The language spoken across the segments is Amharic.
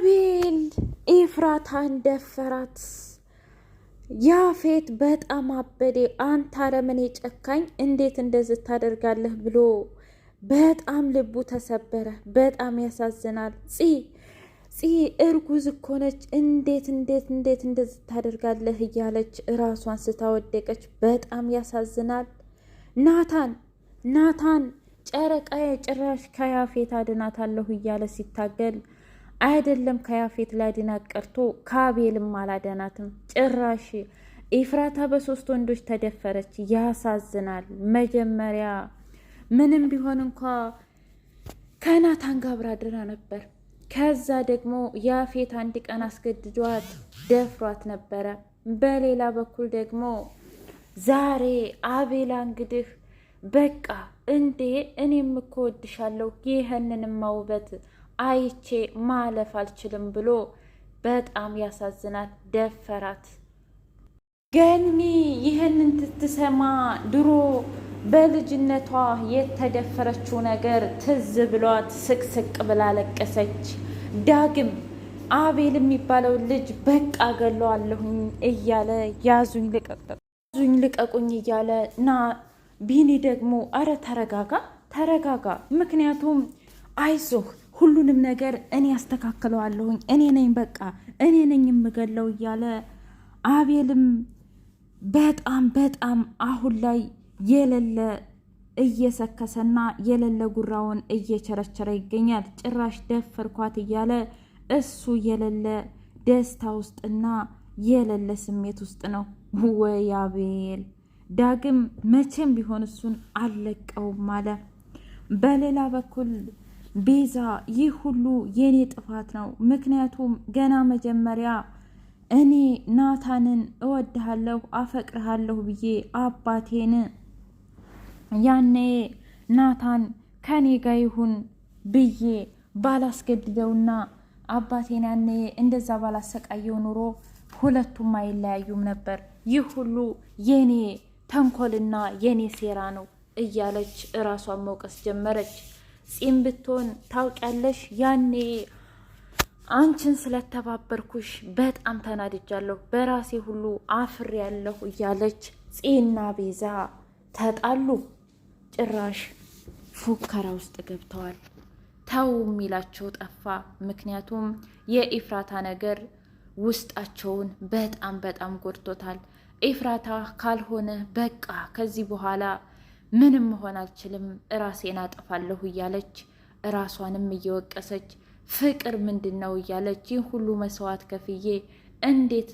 አቤል ኢፍራታን ደፈራት። ያፌት በጣም አበዴ። አንተ አረመኔ ጨካኝ፣ እንዴት እንደዚህ ታደርጋለህ ብሎ በጣም ልቡ ተሰበረ። በጣም ያሳዝናል። ፂ ፂ እርጉዝ እኮ ነች። እንዴት እንዴት እንዴት እንደዚህ ታደርጋለህ እያለች ራሷን ስታወደቀች በጣም ያሳዝናል። ናታን ናታን ጨረቃ ጭራሽ ከያፌት አድናታለሁ እያለ ሲታገል አይደለም ከያፌት ላድናት ቀርቶ ከአቤልም አላዳናትም። ጭራሽ ኤፍራታ በሶስት ወንዶች ተደፈረች። ያሳዝናል። መጀመሪያ ምንም ቢሆን እንኳ ከናታን ጋር አብራ አድራ ነበር። ከዛ ደግሞ ያፌት አንድ ቀን አስገድዷት ደፍሯት ነበረ። በሌላ በኩል ደግሞ ዛሬ አቤላ እንግዲህ በቃ እንዴ እኔም እኮ ወድሻለሁ ይህንንማ ውበት አይቼ ማለፍ አልችልም ብሎ በጣም ያሳዝናት ደፈራት። ገኒ ይህንን ትትሰማ ድሮ በልጅነቷ የተደፈረችው ነገር ትዝ ብሏት ስቅስቅ ብላ ለቀሰች። ዳግም አቤል የሚባለው ልጅ በቃ ገለዋለሁኝ እያለ ያዙኝ ልቀቁኝ ልቀቁኝ እያለ እና ቢኒ ደግሞ አረ ተረጋጋ ተረጋጋ፣ ምክንያቱም አይዞህ ሁሉንም ነገር እኔ አስተካክለዋለሁኝ እኔ ነኝ በቃ እኔ ነኝ የምገለው እያለ አቤልም በጣም በጣም አሁን ላይ የሌለ እየሰከሰና የሌለ ጉራውን እየቸረቸረ ይገኛል። ጭራሽ ደፈርኳት እያለ እሱ የሌለ ደስታ ውስጥና የሌለ ስሜት ውስጥ ነው። ወይ አቤል ዳግም መቼም ቢሆን እሱን አልለቀውም አለ። በሌላ በኩል ቤዛ ይህ ሁሉ የኔ ጥፋት ነው። ምክንያቱም ገና መጀመሪያ እኔ ናታንን እወድሃለሁ፣ አፈቅርሃለሁ ብዬ አባቴን ያኔ ናታን ከኔ ጋ ይሁን ብዬ ባላስገድደውና አባቴን ያኔ እንደዛ ባላሰቃየው ኑሮ ሁለቱም አይለያዩም ነበር። ይህ ሁሉ የኔ ተንኮልና የኔ ሴራ ነው እያለች እራሷን መውቀስ ጀመረች። ጺም ብትሆን ታውቂያለሽ፣ ያኔ አንቺን ስለተባበርኩሽ በጣም ተናድጃለሁ፣ በራሴ ሁሉ ያለሁ እያለች ጺና ቤዛ ተጣሉ። ጭራሽ ፉከራ ውስጥ ገብተዋል። ተው የሚላቸው ጠፋ። ምክንያቱም የኢፍራታ ነገር ውስጣቸውን በጣም በጣም ጎድቶታል። ኢፍራታ ካልሆነ በቃ ከዚህ በኋላ ምንም መሆን አልችልም ራሴን አጠፋለሁ እያለች እራሷንም እየወቀሰች ፍቅር ምንድን ነው እያለች ይህ ሁሉ መስዋዕት ከፍዬ እንዴት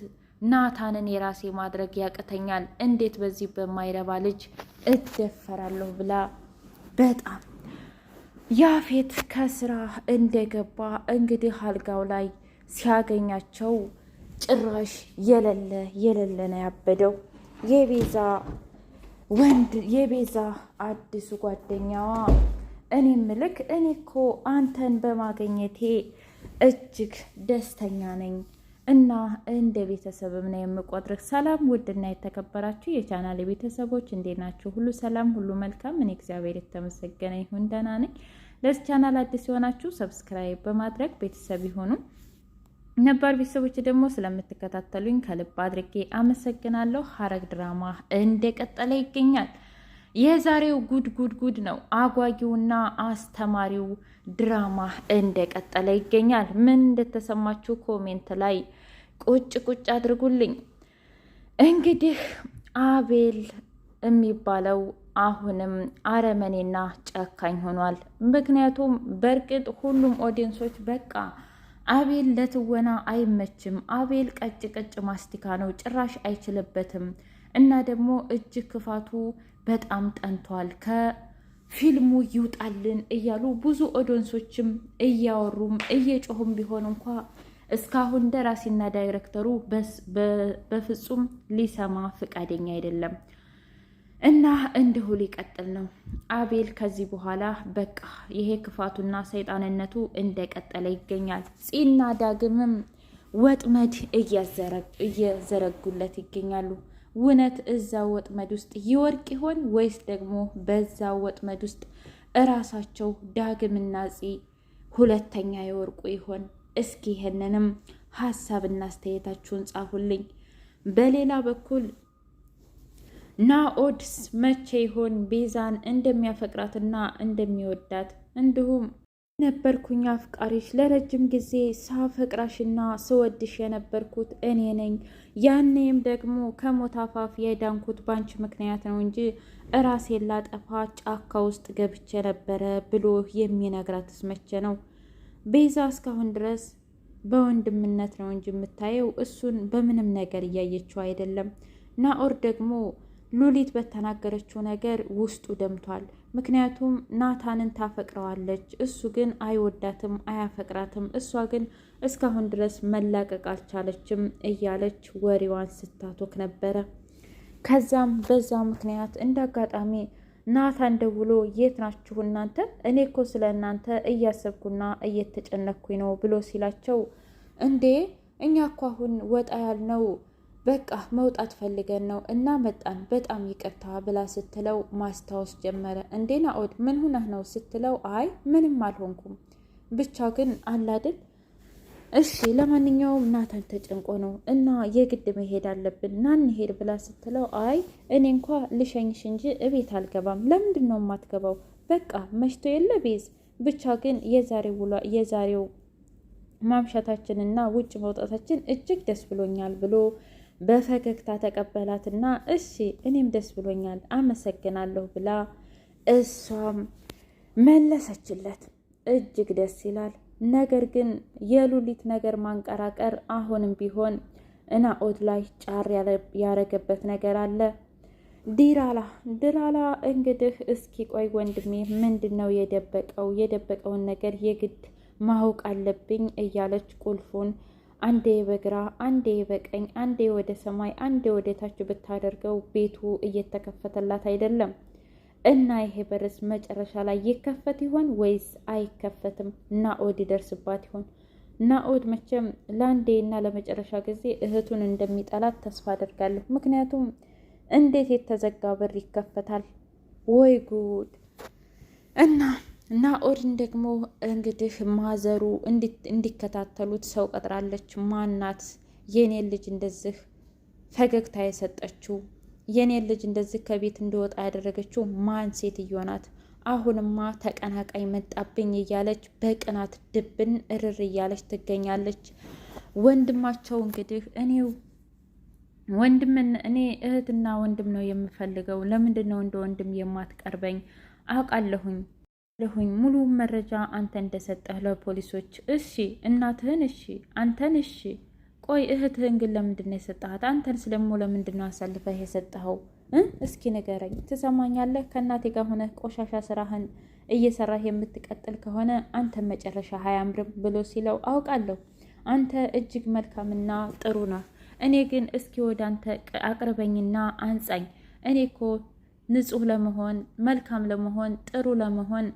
ናታንን የራሴ ማድረግ ያቅተኛል? እንዴት በዚህ በማይረባ ልጅ እደፈራለሁ ብላ በጣም ያፌት ከስራ እንደገባ እንግዲህ አልጋው ላይ ሲያገኛቸው ጭራሽ የሌለ የሌለ ነው ያበደው የቤዛ ወንድ የቤዛ አዲሱ ጓደኛዋ እኔ ምልክ እኔ እኮ አንተን በማገኘቴ እጅግ ደስተኛ ነኝ እና እንደ ቤተሰብም ነው የምቆጥርህ። ሰላም ውድና የተከበራችሁ የቻናል ቤተሰቦች እንዴት ናችሁ? ሁሉ ሰላም፣ ሁሉ መልካም። እኔ እግዚአብሔር የተመሰገነ ይሁን ደህና ነኝ። ለዚህ ቻናል አዲስ የሆናችሁ ሰብስክራይብ በማድረግ ቤተሰብ ይሆኑም ነባር ቤተሰቦች ደግሞ ስለምትከታተሉኝ ከልብ አድርጌ አመሰግናለሁ። ሐረግ ድራማ እንደቀጠለ ይገኛል። የዛሬው ጉድ ጉድ ጉድ ነው። አጓጊውና አስተማሪው ድራማ እንደቀጠለ ይገኛል። ምን እንደተሰማችሁ ኮሜንት ላይ ቁጭ ቁጭ አድርጉልኝ። እንግዲህ አቤል የሚባለው አሁንም አረመኔና ጨካኝ ሆኗል። ምክንያቱም በእርግጥ ሁሉም ኦዲየንሶች በቃ አቤል ለትወና አይመችም። አቤል ቀጭ ቀጭ ማስቲካ ነው፣ ጭራሽ አይችልበትም። እና ደግሞ እጅ ክፋቱ በጣም ጠንቷል። ከፊልሙ ይውጣልን እያሉ ብዙ ኦዶንሶችም እያወሩም እየጮሁም ቢሆን እንኳ እስካሁን ደራሲና ዳይሬክተሩ በፍጹም ሊሰማ ፈቃደኛ አይደለም። እና እንዲሁ ሊቀጥል ነው። አቤል ከዚህ በኋላ በቃ ይሄ ክፋቱና ሰይጣንነቱ እንደቀጠለ ይገኛል። ጺና ዳግምም ወጥመድ እየዘረጉለት ይገኛሉ። ውነት እዛ ወጥመድ ውስጥ ይወርቅ ይሆን ወይስ ደግሞ በዛ ወጥመድ ውስጥ እራሳቸው ዳግምና ጺ ሁለተኛ የወርቁ ይሆን? እስኪ ይህንንም ሀሳብና አስተያየታችሁን ጻፉልኝ። በሌላ በኩል ናኦድስ መቼ ይሆን ቤዛን እንደሚያፈቅራትና እንደሚወዳት እንዲሁም ነበርኩኝ አፍቃሪሽ ለረጅም ጊዜ ሳፈቅራሽና ስወድሽ የነበርኩት እኔ ነኝ። ያኔም ደግሞ ከሞት አፋፍ የዳንኩት ባንች ምክንያት ነው እንጂ እራሴን ላጠፋ ጫካ ውስጥ ገብቼ ነበረ ብሎ የሚነግራትስ መቼ ነው? ቤዛ እስካሁን ድረስ በወንድምነት ነው እንጂ የምታየው እሱን በምንም ነገር እያየችው አይደለም። ናኦር ደግሞ ሉሊት በተናገረችው ነገር ውስጡ ደምቷል። ምክንያቱም ናታንን ታፈቅረዋለች፣ እሱ ግን አይወዳትም፣ አያፈቅራትም። እሷ ግን እስካሁን ድረስ መላቀቅ አልቻለችም እያለች ወሬዋን ስታቶክ ነበረ። ከዛም በዛ ምክንያት እንደ አጋጣሚ ናታን ደውሎ የት ናችሁ እናንተ? እኔ እኮ ስለ እናንተ እያሰብኩና እየተጨነኩኝ ነው ብሎ ሲላቸው እንዴ እኛ እኮ አሁን ወጣ ያልነው በቃ መውጣት ፈልገን ነው እና መጣን፣ በጣም ይቅርታ ብላ ስትለው ማስታወስ ጀመረ። እንዴ ናኦድ ምን ሁነህ ነው ስትለው፣ አይ ምንም አልሆንኩም ብቻ ግን አላድል እሺ ለማንኛውም ናታን ተጨንቆ ነው እና የግድ መሄድ አለብን ና እንሄድ ብላ ስትለው፣ አይ እኔ እንኳ ልሸኝሽ እንጂ እቤት አልገባም። ለምንድን ነው የማትገባው? በቃ መሽቶ የለ ቤዝ ብቻ ግን የዛሬው ውሏ የዛሬው ማምሻታችንና ውጭ መውጣታችን እጅግ ደስ ብሎኛል ብሎ በፈገግታ ተቀበላትና እሺ እኔም ደስ ብሎኛል አመሰግናለሁ ብላ እሷም መለሰችለት። እጅግ ደስ ይላል። ነገር ግን የሉሊት ነገር ማንቀራቀር አሁንም ቢሆን ናኦድ ላይ ጫር ያረገበት ነገር አለ። ዲራላ ድራላ እንግዲህ እስኪ ቆይ ወንድሜ ምንድን ነው የደበቀው? የደበቀውን ነገር የግድ ማወቅ አለብኝ እያለች ቁልፉን አንዴ በግራ አንዴ በቀኝ አንዴ ወደ ሰማይ አንዴ ወደ ታች ብታደርገው ቤቱ እየተከፈተላት አይደለም። እና ይሄ በርስ መጨረሻ ላይ ይከፈት ይሆን ወይስ አይከፈትም? ናኦድ ይደርስባት ይሆን? ናኦድ መቼም ለአንዴ እና ለመጨረሻ ጊዜ እህቱን እንደሚጠላት ተስፋ አደርጋለሁ። ምክንያቱም እንዴት የተዘጋ በር ይከፈታል? ወይ ጉድ እና እና ኦድን ደግሞ እንግዲህ ማዘሩ እንዲከታተሉት ሰው ቀጥራለች። ማናት የኔ ልጅ እንደዚህ ፈገግታ የሰጠችው የኔ ልጅ እንደዚህ ከቤት እንዲወጣ ያደረገችው ማን ሴትዮ ናት? አሁንማ ተቀናቃይ መጣብኝ እያለች በቅናት ድብን እርር እያለች ትገኛለች። ወንድማቸው እንግዲህ እኔው ወንድም እኔ እህትና ወንድም ነው የምፈልገው። ለምንድን ነው እንደ ወንድም የማትቀርበኝ? አውቃለሁኝ ለሁኝ ሙሉ መረጃ አንተ እንደሰጠህ ለፖሊሶች። እሺ እናትህን፣ እሺ አንተን፣ እሺ ቆይ እህትህን ግን ለምንድን ነው የሰጠሃት? አንተን ስለሞ ለምንድን ነው አሳልፈህ የሰጠኸው? እስኪ ንገረኝ። ትሰማኛለህ? ከእናቴ ጋር ሆነ ቆሻሻ ስራህን እየሰራህ የምትቀጥል ከሆነ አንተ መጨረሻ አያምርም ብሎ ሲለው አውቃለሁ አንተ እጅግ መልካምና ጥሩ ነህ። እኔ ግን እስኪ ወደ አንተ አቅርበኝና አንጻኝ። እኔ እኮ ንጹህ ለመሆን መልካም ለመሆን ጥሩ ለመሆን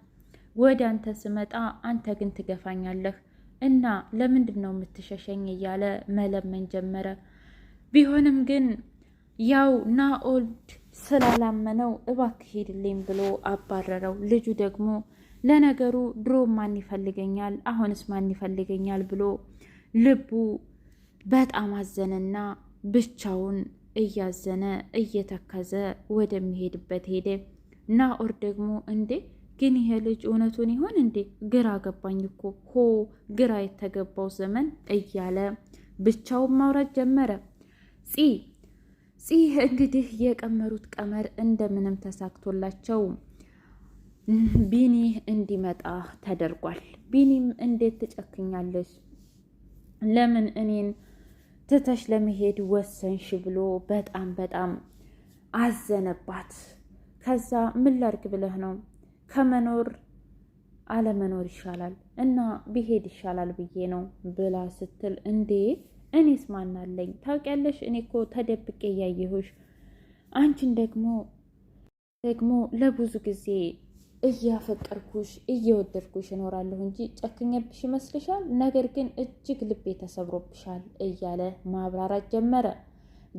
ወደ አንተ ስመጣ አንተ ግን ትገፋኛለህ እና ለምንድን ነው የምትሸሸኝ እያለ መለመን ጀመረ። ቢሆንም ግን ያው ናኦድ ስላላመነው እባክህ ሄድልኝ ብሎ አባረረው። ልጁ ደግሞ ለነገሩ ድሮ ማን ይፈልገኛል፣ አሁንስ ማን ይፈልገኛል ብሎ ልቡ በጣም አዘነና ብቻውን እያዘነ እየተከዘ ወደሚሄድበት ሄደ። ናኦድ ደግሞ እንዴ ግን ይሄ ልጅ እውነቱን ይሆን እንዴ? ግራ ገባኝ እኮ ሆ ግራ የተገባው ዘመን እያለ ብቻውን ማውራት ጀመረ። ፂ ፂ እንግዲህ የቀመሩት ቀመር እንደምንም ተሳክቶላቸው ቢኒ እንዲመጣ ተደርጓል። ቢኒም እንዴት ትጨክኛለች? ለምን እኔን ትተሽ ለመሄድ ወሰንሽ? ብሎ በጣም በጣም አዘነባት። ከዛ ምን ላርግ ብለህ ነው ከመኖር አለመኖር ይሻላል እና ቢሄድ ይሻላል ብዬ ነው ብላ ስትል፣ እንዴ እኔስ ማናለኝ ታውቂያለሽ? እኔ እኮ ተደብቄ እያየሁሽ አንቺን ደግሞ ደግሞ ለብዙ ጊዜ እያፈቀርኩሽ እየወደድኩሽ እኖራለሁ እንጂ ጨክኜብሽ ይመስልሻል? ነገር ግን እጅግ ልቤ ተሰብሮብሻል እያለ ማብራራት ጀመረ።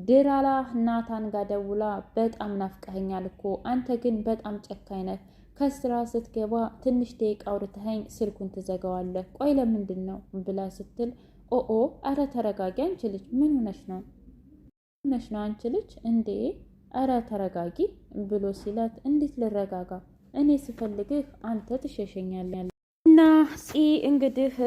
ድራላ ናታን ጋር ደውላ በጣም ናፍቀኸኛል እኮ አንተ ግን በጣም ጨካኝ ነህ ከስራ ስትገባ ትንሽ ደቂቃ አውርተኸኝ ስልኩን ትዘጋዋለህ። ቆይ ለምንድን ነው ብላ ስትል ኦኦ፣ አረ ተረጋጊ አንቺ ልጅ፣ ምን ሆነሽ ነው? ምን ሆነሽ ነው አንቺ ልጅ እንዴ? አረ ተረጋጊ ብሎ ሲላት እንዴት ልረጋጋ? እኔ ስፈልግህ አንተ ትሸሸኛለህ። እና ፂ እንግዲህ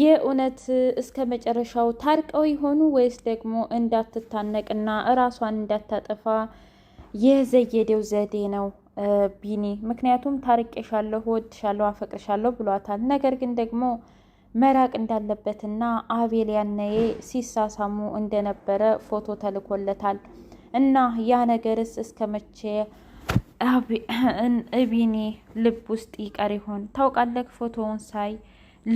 የእውነት እስከ መጨረሻው ታርቀው ይሆኑ ወይስ ደግሞ እንዳትታነቅና እራሷን እንዳታጠፋ የዘየደው ዘዴ ነው ቢኒ ምክንያቱም ታርቄሻለሁ፣ እወድሻለሁ፣ አፈቅርሻለሁ ብሏታል። ነገር ግን ደግሞ መራቅ እንዳለበትና አቤል ያነዬ ሲሳሳሙ እንደነበረ ፎቶ ተልኮለታል። እና ያ ነገርስ እስከ መቼ ቢኒ ልብ ውስጥ ይቀር ይሆን? ታውቃለህ፣ ፎቶውን ሳይ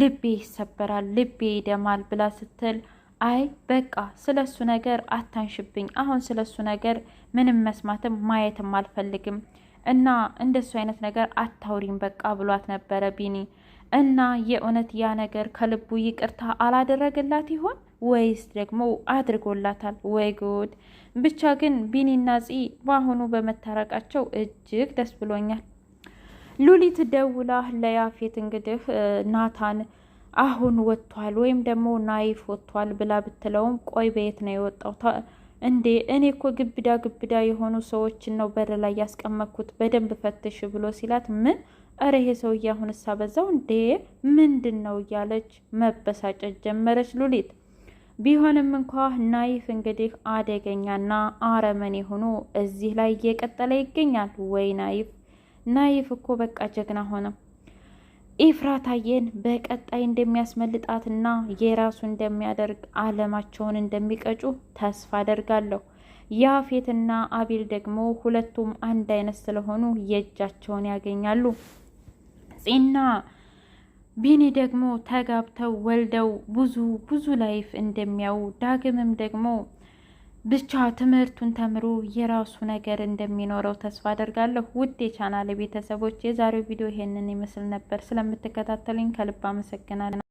ልቤ ይሰበራል፣ ልቤ ይደማል ብላ ስትል አይ በቃ ስለ እሱ ነገር አታንሽብኝ። አሁን ስለ እሱ ነገር ምንም መስማትም ማየትም አልፈልግም እና እንደሱ አይነት ነገር አታውሪም በቃ ብሏት ነበረ ቢኒ። እና የእውነት ያ ነገር ከልቡ ይቅርታ አላደረገላት ይሆን ወይስ ደግሞ አድርጎላታል? ወይ ጉድ! ብቻ ግን ቢኒና ፂ በአሁኑ በመታረቃቸው እጅግ ደስ ብሎኛል። ሉሊት ደውላ ለያፌት እንግዲህ ናታን አሁን ወጥቷል ወይም ደግሞ ናይፍ ወጥቷል ብላ ብትለውም ቆይ በየት ነው የወጣው እንዴ እኔ እኮ ግብዳ ግብዳ የሆኑ ሰዎችን ነው በር ላይ ያስቀመጥኩት በደንብ ፈትሽ ብሎ ሲላት፣ ምን እረ ይሄ ሰውዬ አሁንሳ በዛው እንዴ ምንድን ነው እያለች መበሳጨት ጀመረች ሉሊት። ቢሆንም እንኳ ናይፍ እንግዲህ አደገኛና አረመኔ ሆኖ እዚህ ላይ እየቀጠለ ይገኛል። ወይ ናይፍ ናይፍ እኮ በቃ ጀግና ሆነ። ኢፍራታየን በቀጣይ እንደሚያስመልጣትና የራሱ እንደሚያደርግ አለማቸውን እንደሚቀጩ ተስፋ አደርጋለሁ። ያፌትና አቤል ደግሞ ሁለቱም አንድ አይነት ስለሆኑ የእጃቸውን ያገኛሉ። ጺና ቢኒ ደግሞ ተጋብተው ወልደው ብዙ ብዙ ላይፍ እንደሚያዩ ዳግምም ደግሞ ብቻ ትምህርቱን ተምሮ የራሱ ነገር እንደሚኖረው ተስፋ አደርጋለሁ። ውድ የቻናል ቤተሰቦች የዛሬው ቪዲዮ ይሄንን ይመስል ነበር። ስለምትከታተሉኝ ከልብ አመሰግናለሁ።